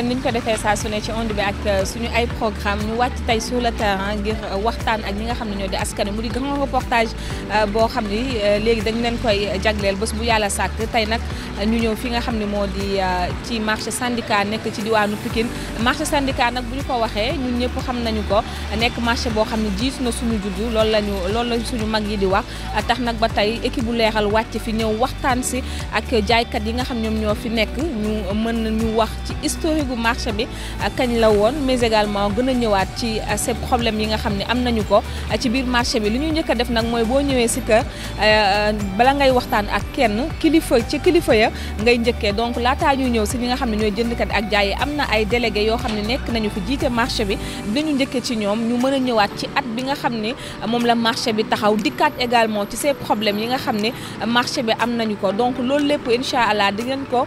leen niñ ko defee saa su ne ci onde bi ak euh, suñu ay programme ñu wàcc tey su le terrain ngir euh, waxtaan ak ñi nga xam ne ñoo di askan mu di grand reportage euh, boo xam ni léegi dañu leen koy jagleel bés bu yàlla sàkk tey nag ñu ñëw fi nga xam ne moo di ci marché syndicat nekk ci diwaanu Pikine marché syndicat nag bu ñu ko waxee ñun ñëpp xam nañu ko nekk marché boo xam ne jiitu na suñu juddu loolu lañu loolu la suñu mag yi di wax tax nag ba tey équipe bu leeral wàcc fi ñëw waxtaan si ak jaaykat yi nga xam ñoom ñoo fi nekk ñu njëgu marché bi kañ la woon mais également gën a ñëwaat ci euh, ces problèmes yi nga xam ni am nañu ko euh, ci biir marché bi li ñuy njëkk def nag mooy boo ñëwee si kër euh, bala ngay waxtaan ak kenn kilifa ci kilifa ya ngay njëkkee donc laataa ñu ñëw si ñi nga xam ne ñooy jëndkat ak jaay yi am na ay délégué yoo xam ne nekk nañu fi jiite marché bi dinañu njëkkee ci ñoom ñu mën a ñëwaat ci at bi nga xam ni moom la marché bi taxaw dikkaat également ci ces problèmes yi nga xam ni marché bi am nañu ko donc loolu lépp incha allah ko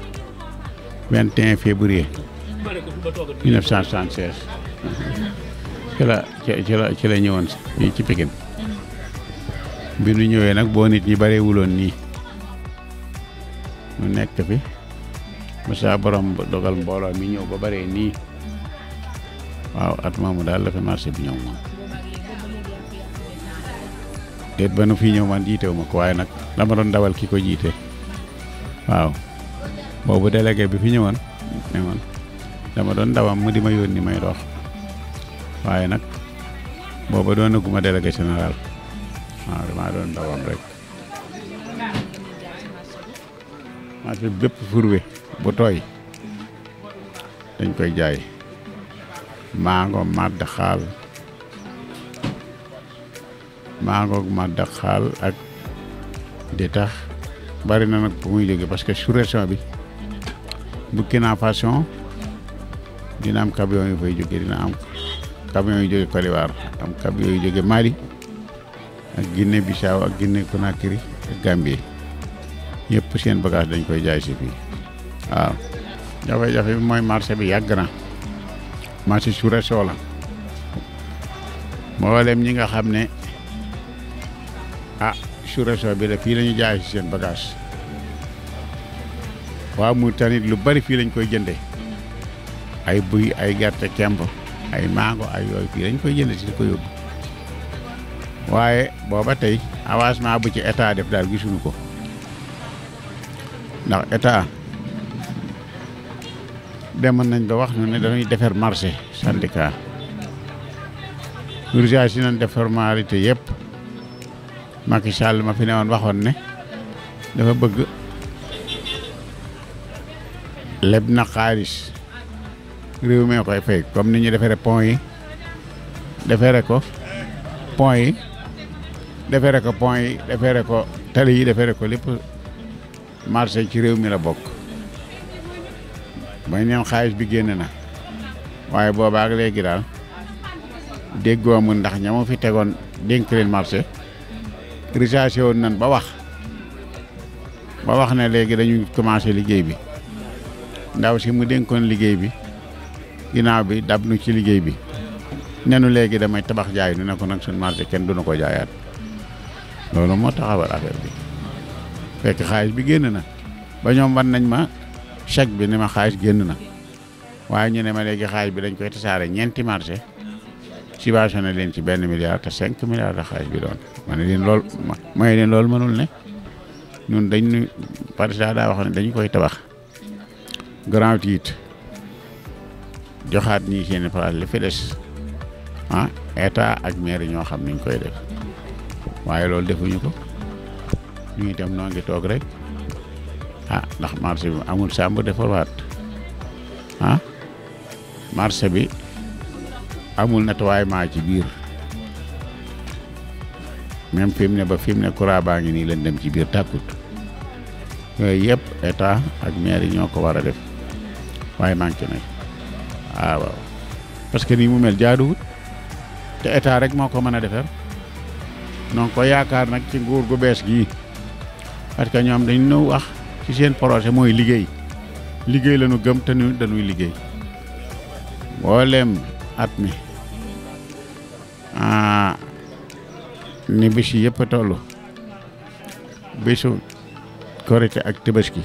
21 février 1976 ci la ci la ci la ñëwoon si ci Pikine bi nu ñëwee nag boo nit ñi bareewuloon nii nu nekk fi Moussa borom dogal mbooloo mi ñëw ba baree nii waaw at moomu daal la fi marché bi ñëw moom ba nu fi ñëw man jiitewu ma ko waaye nag dama doon dawal ki ko jiite waaw boobu délégué bi fi ñëwoon ne man dama doon ndawam mu di ma yónni may dox waaye nag booba doon naguma délégué général waaw damaa doon ndawam rek marché bi bépp furwe bu tooy dañ koy jaay maango màdd xaal maangoog màdd xaal ak di tax bari na nag bu muy jóge parce que sous bi Burkina Faso dina am camion yu fay jóge dina am camion yu jóge Côte am camion yu jóge Mali ak Guinée Bissau ak Guinée Conakry ak Gambie yëpp seen bagage dañ koy jaay si fii waaw jafe-jafe bi mooy marché bi yàgg na marché su réseau la mboolem ñi nga xam ne ah su réseau bi la fii la ñu jaay si seen bagage waaw Mauritanie lu bari fii lañ koy jënde ay buy ay gerte kemb ay mango ay yooyu fii lañ koy jëndee si di ko yóbbu waaye booba tey avancement bu ci état def daal gisuñu ko ndax état demoon nañ ba wax nu ne dañuy defar marché syndicat urgence yi nañ def formalité yëpp Macky Sall ma fi newoon waxoon ne dafa bëgg leb na xaalis réew mi koy fay comme ni ñu defaree pont yi defaree ko pont yi defaree ko pont yi defaree ko tali yi defaree ko lépp marché ci réew mi la bokk mooy neen xaalis bi génn na waaye boobaa ak léegi daal déggoo mu ndax ña fi tegoon dénk leen marché rechargé woon nan ba wax ba wax na léegi dañuy commencé liggéey bi ndaw si mu dénkoon liggéey bi ginaaw bi dab nu ci liggéey bi nenu léegi damay tabax jaay nu ne ko nag suñu marché kenn du na ko jaayaat loolu moo taxawal affaire bi fekk xaalis bi génn na ba ñoom nañ ma chèque bi ni ma xaalis génn na waaye ñu ne ma léegi xaalis bi dañ koy tasaare ñeenti marché subventionné leen ci benn milliard te cinq milliards de xaalis bi doon ma leen loolu ma leen loolu mënul ne ñun dañ ñu président daa wax ne dañu koy tabax garaawit tiit joxaat ñi seen place li fi des ah ak maire ñoo xam niñ koy def waaye loolu defuñu ko ñu ngi dem noo ngi toog rek ah ndax marché bi amul sàmb defarwaat ah marché bi amul nettoiement ci biir même fi ne ba fi mu ne courant baa ngi nii leen dem ci biir tàkkut yooyu yëpp état ak maire yi ñoo ko war a def waaye maa ngi ci waaw waaw que nii mu mel jaaduwut te état rek moo ko mën a defar non ko yaakaar nag ci nguur gu bees gii parce que ñoom dañ nu wax ci seen projet mooy liggéey liggéey la ñu gëm te ñu dañuy liggéey mboolem at mi ah ni bis yëpp a toll bisu korite ak tabaski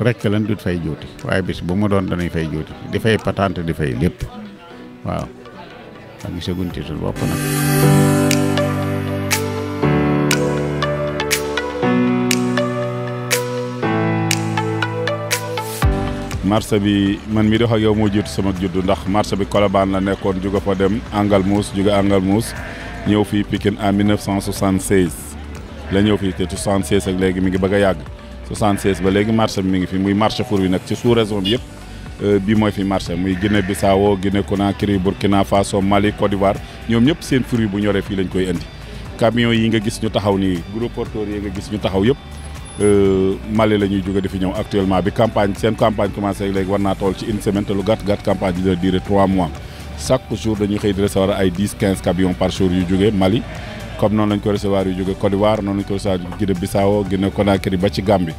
rek lan dut fay juuti waaye bis bu mu doon danañ fay juuti di fay patente di fay lépp waaw ak gisaguñ ci suñu bopp nag. marché bi man mi dox ak yow moo jiitu sama juddu ndax marché bi Colobane la nekkoon jóge fa dem Angalmous jóge Angalmous ñëw fii Pikine en 1976 la ñëw fii te 76 ak léegi mi ngi bëgg a yàgg 76 ba léegi marché bi mi ngi fi muy marché xur bi nag ci sous région bi yëpp euh, bii mooy fi marché muy Guinée Bissau Guinée Conakry Burkina Faso Mali Côte d'Ivoire ñoom ñëpp seen fruit bu ñoree fii lañ koy indi camion yi nga gis ñu taxaw nii gros porteurs yi nga gis ñu taxaw yëpp euh, Mali la ñuy jóge di fi ñëw actuellement bi campagne seen campagne commencé léegi war naa toll ci une semaine gàtt gàtt campagne bi dina durer 3 mois chaque jour dañuy comme noonu lañ ko recevoir yu jóge Côte d'Ivoire noonu lañ ko recevoir Guinée Bissau Guinée Conakry ba ci Gambie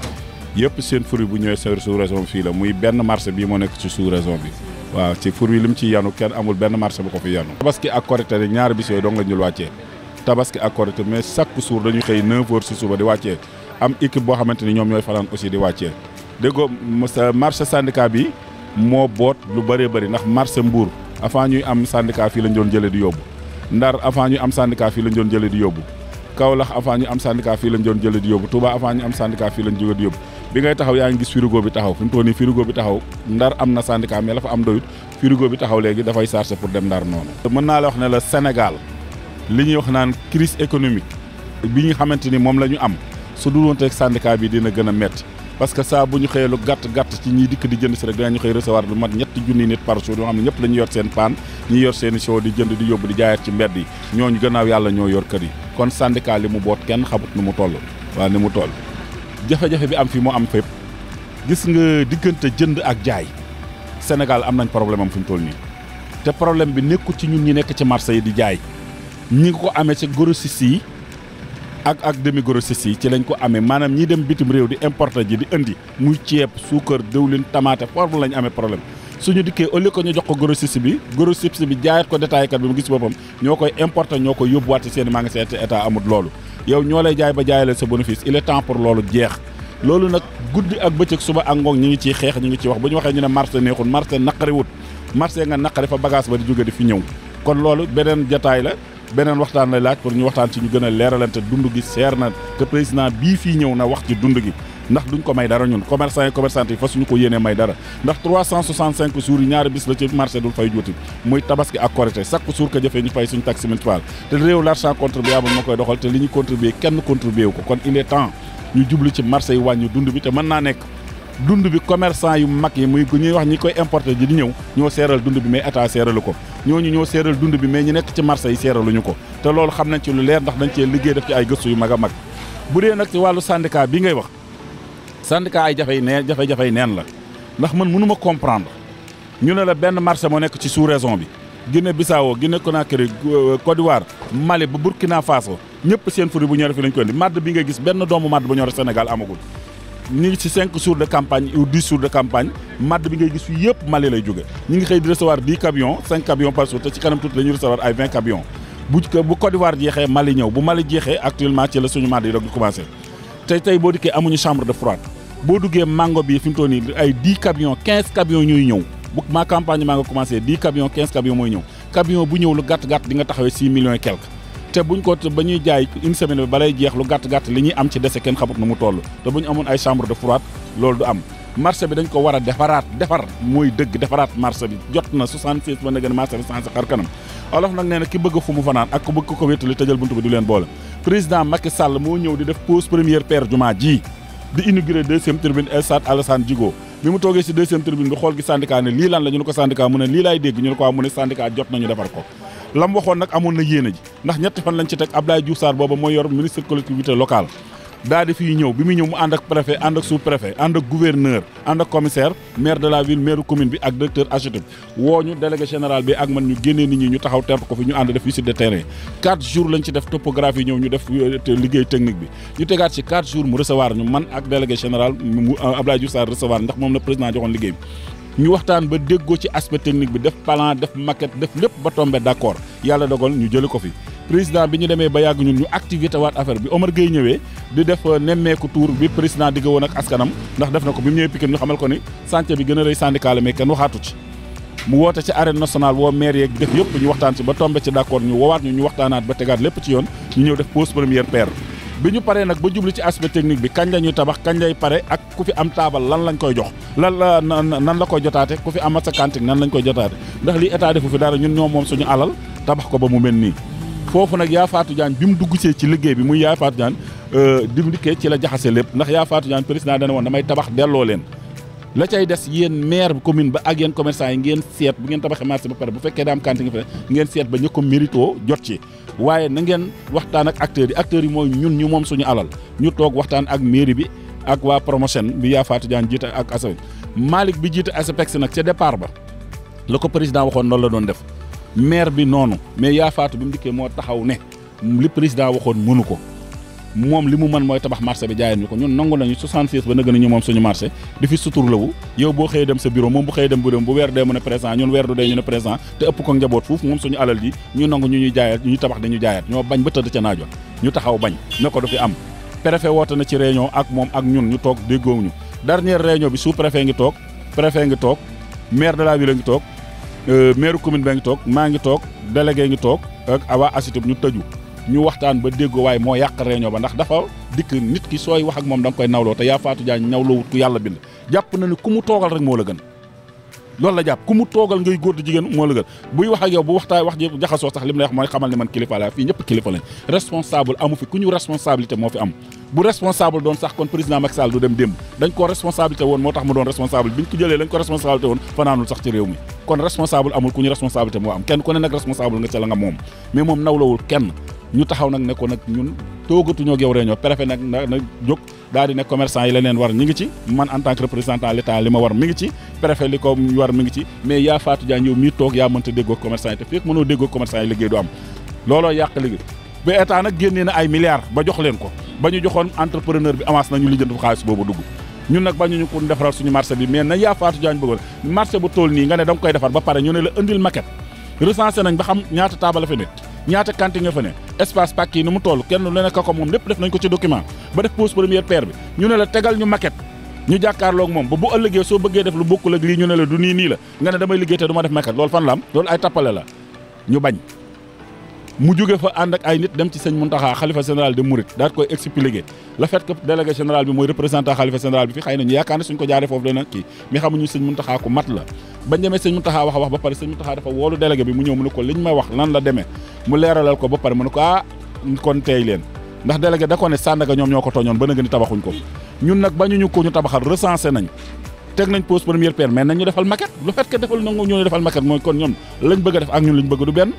yëpp seen fruit bu ñëwee seen sous raison fii muy benn marché bii moo nekk ci sous raison bi mu ciy yanu kenn amul benn marché bu ko fi yanu tabaski ak korité ne ñaari bis yooyu dong la ñu wàccee tabaski xëy 9 heures si suba di wàccee am équipe boo xamante ni ñoom ñooy fanaan aussi di wàccee déggoo euh, marché syndicat bi moo boot lu bëree bëri ndax marché mbuur avant ñuy am syndicat fii lañ doon jëlee di yóbbu Ndar avant ñu am syndicat fii lañ doon jëlee di yóbbu Kaolack avant ñu am syndicat fii lañ doon jëlee di yóbbu Touba avant ñu am syndicat fii lañ jógee di yóbbu bi ngay taxaw yaa ngi gis firigo bi taxaw fi mu toll nii bi taxaw Ndar am na syndicat mais la fa am doyut firigo bi taxaw léegi dafay chargé pour dem Ndar noonu. mën naa la ne la Sénégal li ñuy wax naan crise économique bi nga xamante ni moom la ñu am su dul woon teg bi dina gën a métti parce que saa bu ñu xëyee lu gàtt ci ñiy dikk di jënd si rek dinañu xëy recevoir lu mat ñetti junni nit par jour yoo xam ne ñëpp yor seen paan ñi yor seen i show di jënd di yóbbu di jaayaat ci mbedd yi ñooñu gannaaw yàlla ñoo yor kër yi kon syndicat mu boot kenn xamut ni mu toll waaw ni mu toll jafe-jafe bi am fii mu am fépp gis nga diggante jënd ak jaay Sénégal am nañ problème am fi mu toll nii te problème bi nekkul ci ñun ñi nekk ci marché yi di jaay ñi ngi ko ak ak demi grossiste yi ci lañ ko ame maanaam ñi dem bitim réew di importer ji di indi muy ceeb suukar diwlin tamaate foofu lañ ame problème suñu dikkee au lieu que ñu jox ko grossiste bi grossiste bi jaayat ko détaillkat bi mu gis boppam ñoo koy importer ñoo koy yóbbuwaat ci seen magasin te état amul loolu yow ñoo lay jaay ba jaay la sa bénéfice il est temps pour loolu jeex loolu nag guddi ak bëccëg suba ak ngoog ñi ngi ciy xeex ñi ngi ciy wax ba ñu waxee ñu ne marché neexul marché naqariwut marché nga naqari fa bagage ba di jóge di fi ñëw kon loolu beneen jataay la beneen waxtaan lay laaj pour ñu waxtaan ci ñu gën a leeralante dund gi seer na te président bii fii ñëw na wax ci dund gi ndax duñ ko may dara ñun commerçant yi commerçante yi fa suñu ko yéenee may dara ndax 365 jours yi ñaari bis la ci marché dul fay juuti muy tabaski ak korité chaque jour que jëfee ñu fay suñu taxe municipale te réew l'argent contribuable moo koy doxal te li ñu contribuer kenn contribuer wu ko kon il ñu jublu ci marché yi wàññi dund bi te naa nekk dund bi commerçant yu mag yi muy ñuy wax ñi koy importer ji di ñëw ñoo seeral dund bi mais état seeralu ko ñooñu ñoo seeral dund bi mais ñu nekk ci marché yi seeraluñu ko te loolu xam nañ ci lu leer ndax dañ cee liggéey def ci ay gëstu yu mag a mag bu dee nag ci wàllu syndicat bi ngay wax syndicat ay jafey neen jafe-jafey neen la ndax man mënuma comprendre ñu ne la benn marché moo nekk ci sous raison bi Guinée Bissau Guinée Conakry euh, Côte d'Ivoire Mali ba Burkina Faso ñëpp seen furi bu ñore fi lañ ko indi madd bi nga gis doomu madd bu ñore Sénégal amagul ñu ngi ci cinq jours de campagne ou dix jours de campagne madd bi ngay gis fii yëpp Mali lay jóge ñu ngi xëy di recevoir dix camions cinq camions par te ci kanam tuuti dañuy recevoir ay vingt bu bu jeexee Mali ñëw bu Mali jeexee actuellement ci la suñu madd yi doog di commencé tey tey boo dikkee amuñu chambre de froide boo duggee mango bi fi ay dix camions ñuy ñëw bu ma campagne maa nga commencé dix camions ñëw camion bu ñëw lu gàtt te buñ ko ba ñuy jaay une semaine bi balay jeex lu gàtt gàtt li ñuy am ci dese kenn xamut na mu toll te bu amoon ay chambre de froid loolu du am marché bi dañ ko war a defaraat defar mooy dëgg defaraat marché bi jot na 66 ba nag marché bi sensé xar kanam olof nag nee na ki bëgg fu mu fanaan ak ku bëgg ko wéttali tëjal buntu bi du leen boole président Macky Sall moo ñëw di def pose première pierre jumaa ji di inauguré deuxième tribune Stade lam waxoon nag amoon na yéene ji ndax ñetti fan lañ ci teg Abdoulaye Diouf Sarr booba mooy yor ministre collectivité locale daal di ñëw bi muy ñëw mu ànd ak préfet ànd ak sous ànd ak gouverneur ànd ak commissaire maire de la ville maire commune bi ak directeur exécutif woo ñu délégué général bi ak man ñu génnee nit ñi ñu taxaw temp ko fi ñu ànd def visite de terrain quatre jours lañ ci def topographie ñëw ñu def euh, liggéey technique bi ñu tegaat ci quatre jours mu recevoir ñu man ak délégué général mu Abdoulaye Diouf Sarr ñu waxtaan ba déggoo ci aspect technique bi def plan def maquette def lépp ba tombé d'accord yàlla dogal ñu jëli ko fi président bi ñu demee ba yàgg ñun ñu activité waat affaire bi Omar Gueye ñëwee di def euh, nemmeeku tour bi président digg woon ak askanam ndax def na ko bi mu ñëwee Pikine ñu xamal ko ni chantier bi gën a rëy syndicat la kenn waxaatu ci mu woote ci arène nationale woo maire yeeg def yëpp ñu waxtaan ci ba tombe ci d'accord ñu woowaat ñu ñu waxtaanaat ba tegaat ñu ñëw def pose bi ñu paree nag ba jublu ci aspect technique bi kañ la ñuy tabax kañ lay pare ak ku fi am taabal lan lañ koy jox lan la nan la koy jotaate ku fi am sa cantine nan lañ koy jotaate ndax li état defu fi dara ñun ñoom moom suñu alal tabax ko ba mu mel nii foofu nag yaa Fatou Diagne bi mu dugg see ci liggéey bi muy yaa Fatou Diagne euh, dim ci la jaxase lépp ndax yaa Fatou Diagne président dana woon damay tabax delloo leen la cay des yéen maire commune ba ak yéen commerçant yi ngeen bu ngeen tabaxee ba pare bu fekkee daam cantine nga seet ba ñu ko mérito jot ci waaye na ngeen waxtaan ak acteurs yi acteurs yi mooy ñun ñu moom suñu alal ñu toog waxtaan ak mairie bi ak waa promotion bi yaa Fatou Diagne jiite ak ASAPEX Malick bi jiite ASAPEX nag ca départ ba la ko président waxoon noonu la doon def maire bi noonu mais yaa Fatou bi mu moo taxaw ne li président waxoon mënu ko moom li mu mën mooy tabax marché bi jaayan ñu ko ñun nangu nañu 66 ba nëgën ñu moom suñu marché di fi suturlawu yow boo xëyee dem sa biro moom bu xëyee dem bureau bu weer dee mën a présent ñun weer du dee ñu ne présent te ëpp ko njaboot foofu moom suñu alal ji ñu nangu ñu ñuy jaayat ñu tabax dañu jaayat ñoo bañ ba tëdd ca naajo ñu taxaw bañ ne ko du fi am préfet woote na ci réunion ak moom ak ñun ñu toog déggoowuñu dernière réunion bi sous préfet ngi toog préfet ngi toog maire de la ville ngi toog euh, maire commune ba ngi toog maa ngi toog délégué ngi toog ak awaa asitib ñu tëju ñu waxtaan ba déggoo waaye moo yàq réunion ba ndax dafa dikk nit ki sooy wax ak moom da nga koy nawloo te yaa Fatou Diagne nawloowut ku yàlla bind jàpp na ni ku mu toogal rek moo la gën loolu la jàpp ku mu toogal ngay góor di jigéen moo la buy wax ak yow bu waxtaay wax ji jaxasoo sax li mu lay wax mooy xamal ni man kilifa laa fii ñëpp kilifa lañ responsable amu fi ku ñu responsabilité moo fi am bu responsable doon sax kon président Macky Sall du dem démb dañ moo tax mu doon responsable bi ñu ko jëlee lañ ko responsabilité woon fanaanul sax kenn ku ne nag responsable nga ca kenn ñu taxaw nag ne ko nag ñun toogatuñoo ak yow réunion préfet nag na jóg daal di ne commerçant yi leneen war ñi ngi ci man en tant que représentant l'État li ma war mi ngi ci préfet li ko war mi ngi ci mais yaa Fatou Diagne yow mii toog yaa mënta déggoo commerçant yi te fekk mënoo déggoo commerçant yi liggéey du am looloo yàq liggéey ba état nag génnee na ay milliards ba jox leen ko ba ñu joxoon entrepreneur bi avance nañu lijjanti xaalis boobu dugg ñun nag ba ñu ko defaral suñu marché bi mais na yaa Fatou Diagne tool nii nga ne da koy defar ba pare ñu ne la indil nañ ba xam ñaata ñaata kanti ne espace pàkk yi mu toll kenn lu ne ka ko moom lépp def nañ ko ci document ba def pose première pierre bi ñu ne la tegal ñu maquette ñu jàkkaarloog moom ba bu ëllëgee soo bëggee def lu bokkul ak lii ñu ne la du nii nii la nga ne damay liggéey du ma def maquette loolu fan la am ay tappale la ñu bañ mu jóge fa ànd ak ay nit dem ci sëñ Mountakha xalifa général de Mouride daal koy expliqué le fait que délégué général bi mooy représentant xalifa général bi fi xëy na ñu yaakaar ne suñ ko jaaree foofu dana kii mais xamuñu sëñ Mountakha ku mat la bañ demee sëñ Mountakha wax a wax ba pare sëñ Mountakha dafa woolu délégué bi mu ñëw mu ko liñ may wax lan la demee mu leeralal ko ba pare mu ko ah kon teey leen ndax délégué da ko ne Sandaga ñoom ñoo ko tooñoon ba nga ni tabaxuñ ko nag bañuñu ko ñu tabaxal recensé nañ teg nañ pose première pierre mais nañ ñu defal maquette le fait que defal nangu ñoo ñu defal maquette mooy lañ bëgg ak ñun lañ bëgg du benn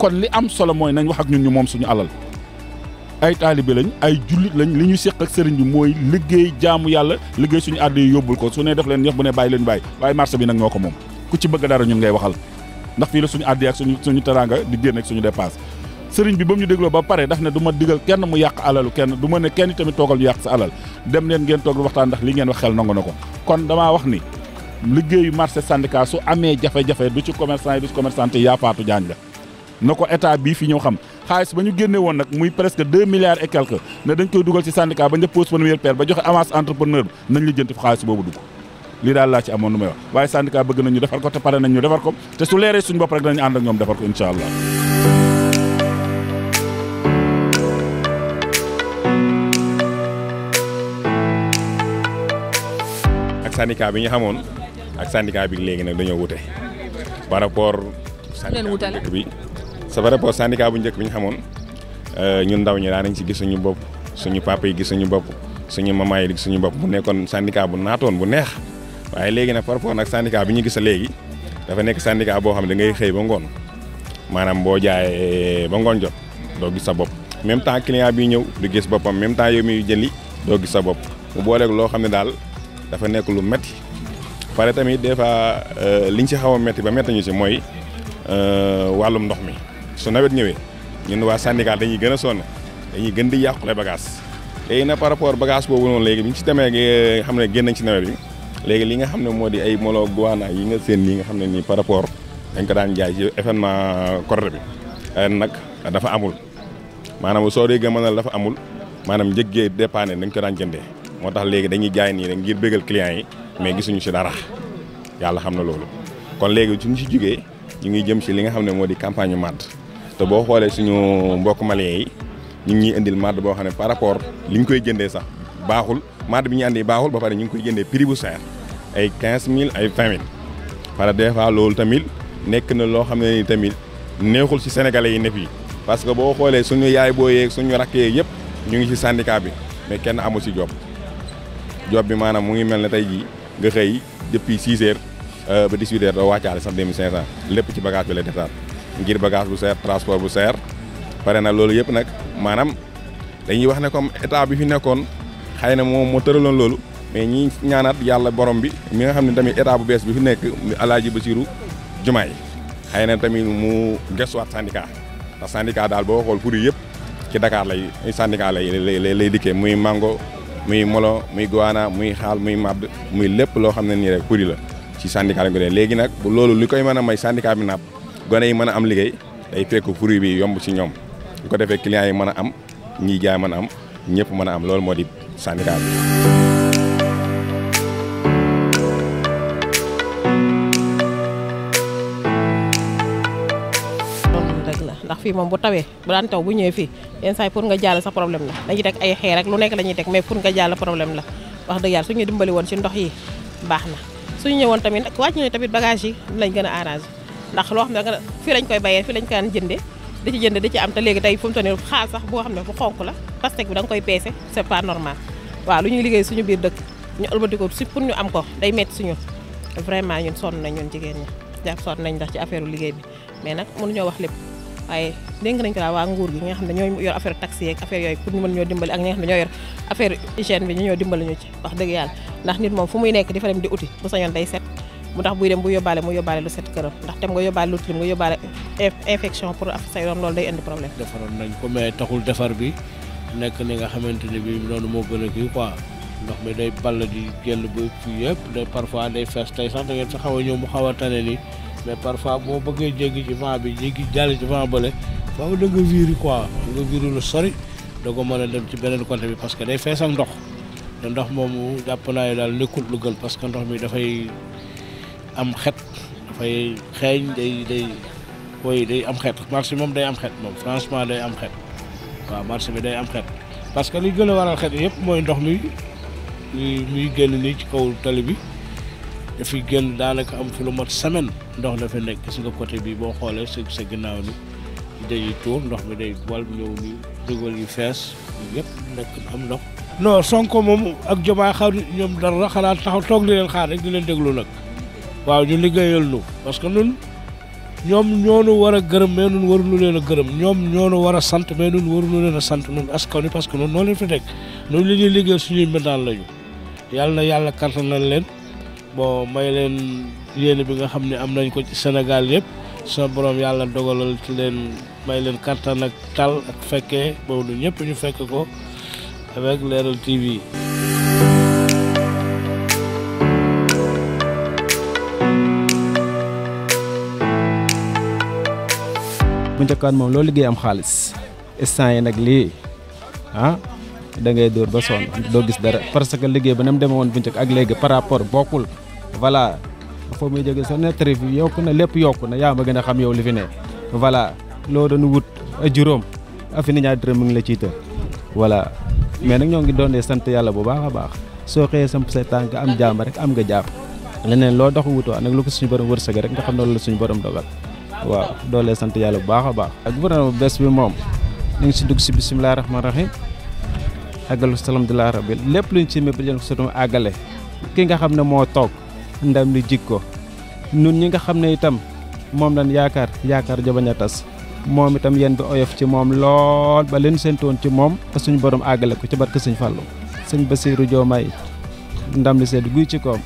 kon li am solo mooy nañ wax ak ñun ñu moom suñu alal ay taalibe lañ ay jullit lañ li ñu séq ak sëriñ bi mooy liggéey jaamu yàlla liggéey suñu àdd yi yóbbul ko su ne def leen yëf bu ne bàyyi leen bàyyi waaye marché bi nag ñoo ko moom ku ci bëgg dara ñun ngay waxal ndax fii la suñu àdd ak suñu suñu teraanga di génn ak suñu dépense sëriñ bi ba mu ñu dégloo ba pare daf ne du ma digal kenn mu yàq alalu kenn du ma ne kenn tamit toogal ñu yàq sa alal dem leen ngeen toog waxtaan ndax li ngeen wax xel nangu na ko kon damaa wax ni liggéeyu marché syndicat su amee jafe-jafe ci commerçant yi du ci commerçante yi na ko état bii fi ñëw xam xaalis ba ñu génne woon nag muy presque deux milliards et quelques ne dañ koy dugal ci syndicat ba ñu def pose première pierre ba joxe avance entrepreneur bi nañ la jënti xaalis boobu dugg lii daal laa ci amoon nu may wax waaye syndicat bëgg nañ ñu defar ko te pare nañ defar ko te su leeree suñu bopp rek danañ ànd ak ñoom defar ko incha allah bi ñu xamoon ak bi léegi nag dañoo wute bi c'est vrai rapport bu njëkk bi ñu xamoon euh, ñun ndaw ñi daan nañ si gis suñu bopp suñu papa yi gis suñu bopp suñu mama yi gis suñu bopp bu nekkoon syndicat bu naatoon bu neex waaye léegi nag par rapport nag syndicat bi ñu gis léegi dafa nekk syndicat boo xam ne da ngay ba ngoon maanaam boo jaayee ba ngoon jot doo sa bopp même temps client bi ñëw du gis boppam même temps yow miy jëli doo sa bopp mu booleeg loo xam ne daal dafa nekk lu metti pare tamit des fois euh, liñ si xaw a metti ba metti ñu mooy euh, wàllum ndox mi su nawet ñëwee ñu ñun waa syndicat dañuy gën a sonn dañuy gën di yàqule bagage léegi na par rapport bagage boobu noonu léegi bi ñu ci demee eh, xam ne génn ci nawet bi léegi li nga xam ne moo di ay molo guana yi nga seen yi xam ne nii par rapport dañ ko daan jaay ci événement Korité bi nag dafa amul maanaam soo déggee mën na dafa amul maanaam njëggee dépanné dañ ko daan jëndee moo tax léegi dañuy jaay nii rek ngir bégal yi mais gisuñu ci dara yàlla xam na loolu kon léegi suñu ci jógee ñu ngi jëm ci li nga xam ne moo di campagne màdd te boo xoolee suñu mbokk malien ñu ngi ñuy indil madd boo xam ne par rapport li ñu koy jëndee sax baaxul madd bi ñu andi baaxul ba pare ñu ngi koy jëndee prix bu cher ay 15000 ay 20000 parce que des fois loolu tamit nekk na loo xam ne ni tamit neexul ci sénégalais yi ne fii parce que boo xoolee suñu yaay boo yeeg suñu rakk yeeg yëpp ñu ngi si syndicat bi kenn amu ci job job bi maanaam mu ngi mel ne tey jii nga xëy depuis 6 heures euh, ba 18 heures doo wàccaale sax 2500 lépp ci bagage bi lay defar. ngir bagage bu seer transport bu seer pare na loolu yëpp nag maanaam dañuy wax ne comme état bi fi nekkoon xëy na moom moo tëraloon loolu mais ñi ñaanaat yàlla borom bi mi nga xam ne tamit état bu bees bi fi nekk alaaji Basiru Jumaay xëy na tamit mu gëstuwaat syndicat ndax syndicat daal boo xool pour yëpp ci Dakar lay syndicat lay lay lay dikkee muy mango muy molo muy goana muy xaal muy màdd muy lépp loo xam ne nii rek kuri la ci syndicat lañ ko léegi nag loolu li koy mën a may syndicat bi naat gone yi mën a am liggéey day fekk fruit bi yomb ci ñoom bu ko defee clients yi mën a am ñiy jaay mën a am ñëpp mën a am loolu moo di syndicat bi fii moom bu tawee bu daan taw bu ñëwee fii yenn saa yi pour nga jàll sa problème la dañuy teg ay xeer rek lu nekk la ñuy teg mais pour nga jàll problème la wax dëgg yàlla suñu dimbali woon ci ndox yi baax na suñu ñëwoon tamit wàcc nañu tamit bagage yi lañ gën a arrangé ndax loo xam ne danga fii lañ koy bayee fii lañ ko daan jënde di ci jënd di ci am te léegi tey fu mu toll nii xaal sax boo xam ne bu xonk la pastèque bi da koy peese c'est pas ñuy liggéey suñu biir dëkk ñu ëlbati ko si ko day metti suñu vraiment ñun sonn nañ ñun jigéen ñi jàpp sonn nañ ndax ci affaire liggéey bi mais nag mënuñoo wax lépp waaye dénk nañ ko daal waa nguur gi ñi nga ñoo wax dëgg yàlla ndax nit moom fu muy nekk di fa dem di uti bu sañoon day set mu tax buy dem bu yóbbaale mu yóbbaale lu set këram ndax dem nga yóbbaale lu tilim nga yóbbaale infection pour af say doom loolu day indi problème defaroon nañ ko mais taxul defar bi nekk ni nga xamante ne bi noonu moo gën a kii quoi ndox mi day ball di génn ba fii yëpp parfois day fees tey xaw a ñëw mu xaw a tane ni mais parfois boo bëggee jéggi ci vent bi jéggi jàll ci vent bële faaw da nga wiiri quoi da lu sori da ko mën a dem ci beneen bi parce que day fees ndox te ndox moomu jàpp naa ne daal nekkul lu gën parce que ndox mi dafay am xet dafay xeeñ day day koy day am xet marché moom day am xet moom franchement day am xet waaw marché bi day am xet parce que li gën a waral xet yëpp mooy ndox mi muy génn nii ci kaw tali bi dafay génn daanaka am fi lu mat semaine ndox dafa nekk si nga côté bi boo xoolee sa sa ginnaaw ni dañuy tuur ndox mi day wal ñëw ni dugal yu fees yëpp nekk am ndox non Sonko moom ak Diomaye xaar ñoom dara xalaat taxaw toog di leen xaar rek di leen déglu nag waaw ñu liggéeyal nu parce que nun ñoom ñoonu war a gërëm mais nun waruñu leen a gërëm ñoom ñoonu war a sant mais nun waruñu leen a sant nun askan wi parce que noonu noo leen fi teg nun li ñuy liggéey suñuy mbindaan lañu yàlla na yàlla kattanal leen bon may leen yéene bi nga xam ne am nañ ko ci Sénégal yëpp sa borom yàlla dogalal ci leen may leen kattan ak tal ak fekkee boobu ñëpp ñu fekk ko avec Leral TV njëkkaan moom loo liggéey am xaalis instant yi nag lii ah da ngay dóor ba sonn doo gis dara parce que liggéey ba na mu demee bu njëkk ak léegi par rapport bokkul voilà foo muy jóge sa nettari fi yokk na lépp yokk na yaa ma gën a xam yow li fi ne voilà loo doon wut juróom afi ni ñaar dërëm mu ngi la ciy tër voilà mais nag ñoo ngi doon sant yàlla bu baax a baax soo xëyee samp say tànk am jaam rek am nga jaam leneen loo dox waa nag lu ko suñu borom wërsëg xam ne la suñu borom dogal waaw doolee sant yàlla bu baax a baax. ak gouvernement bu bees bi moom ñu ngi si dugg si bisimilah rahmaani rahiim àggalu salaam di laa rabbi lépp luñ si mébét yéen ko sotum àggale ki nga xam ne moo toog ndam li jig ko ñun ñi nga xam ne itam moom lañ yaakaar yaakaar ja bañ a tas moom itam yéen bi oyof ci moom lool ba leen séentoon ci moom suñu borom àggale ko ci barke Sëñ Fallou sëñ Bassirou may ndam li sedd guy ci koom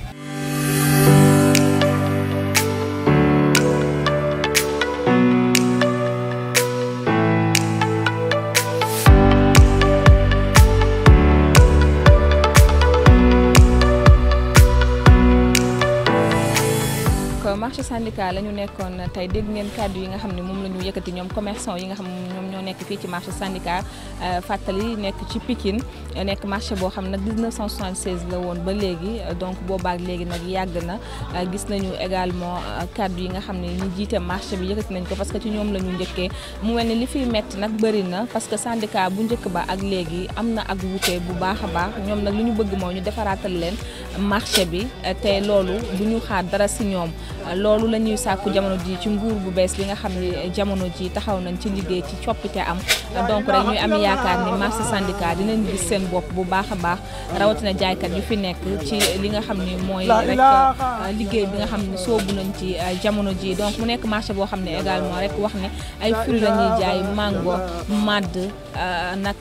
syndicat la ñu nekkoon tey dégg ngeen kàddu yi nga xam ne moom la ñu yëkkati ñoom commerçant yi nga xam ñoom ñoo nekk fii ci marché syndicat euh, fàttali nekk ci Pikine nekk marché boo xam nag 1976 la woon ba léegi donc boobaak léegi nag yàgg na euh, gis nañu également euh, kàddu yi nga xam ne ñi jiite marché bi yëkkati nañ ko parce que ci ñoom la ñu njëkkee mu mel ni li fiy metti nag bëri na parce que syndicat bu njëkk ba ak léegi am na ak wuute bu baax a baax ñoom nag li ñu bëgg moo ñu defaraatal marché bi tey loolu du ñu xaar dara si ñoom loolu la ñuy sàkku jamono ji ci nguur bu bees bi nga xam ne jamono ji taxaw nañ ci liggéey ci coppite am donc rek ñuy am yaakaar ni marché syndicat dinañ gis seen bopp bu baax a baax rawatina jaaykat yu fi nekk ci li nga xam ni mooy rek euh, liggéey bi nga xam ni soobu nañ ci euh, jamono ji donc mu nekk marché boo xam ne également rek wax ne ay fruits la ñuy jaay mango màdd euh, nag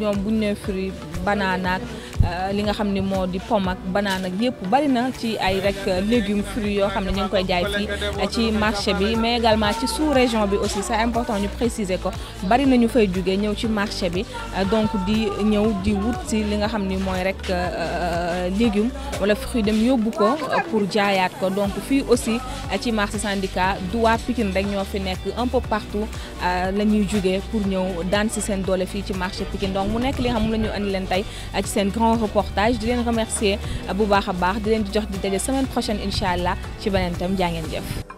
ñoom buñ ne fruit banana Euh, li nga xam ni moo di pomme ak banaan ak yëpp bari na ci ay rek légumes fruits yoo xam ne ñoo ngi koy jaay fii euh, ci marché bi mais également ci sous région bi aussi c'est important ñu préciser ko bari na ñu fay jugee ñëw ci marché bi euh, donc di ñëw di wut si li nga xam ni mooy rek légumes wala fruits dem yóbbu ko pour jaayaat ko donc fii aussi ci marché syndicat du waa Pikine rek ñoo fi nekk un peu partout la ñuy jugee pour ñëw daan si seen doole fii ci marché Pikine donc mu nekk li nga xam ne la ñu andi leen tey ci seen son reportage di leen remercier bu baax a baax di leen di jox di daje semaine prochaine incha allah ci beneen tam jaa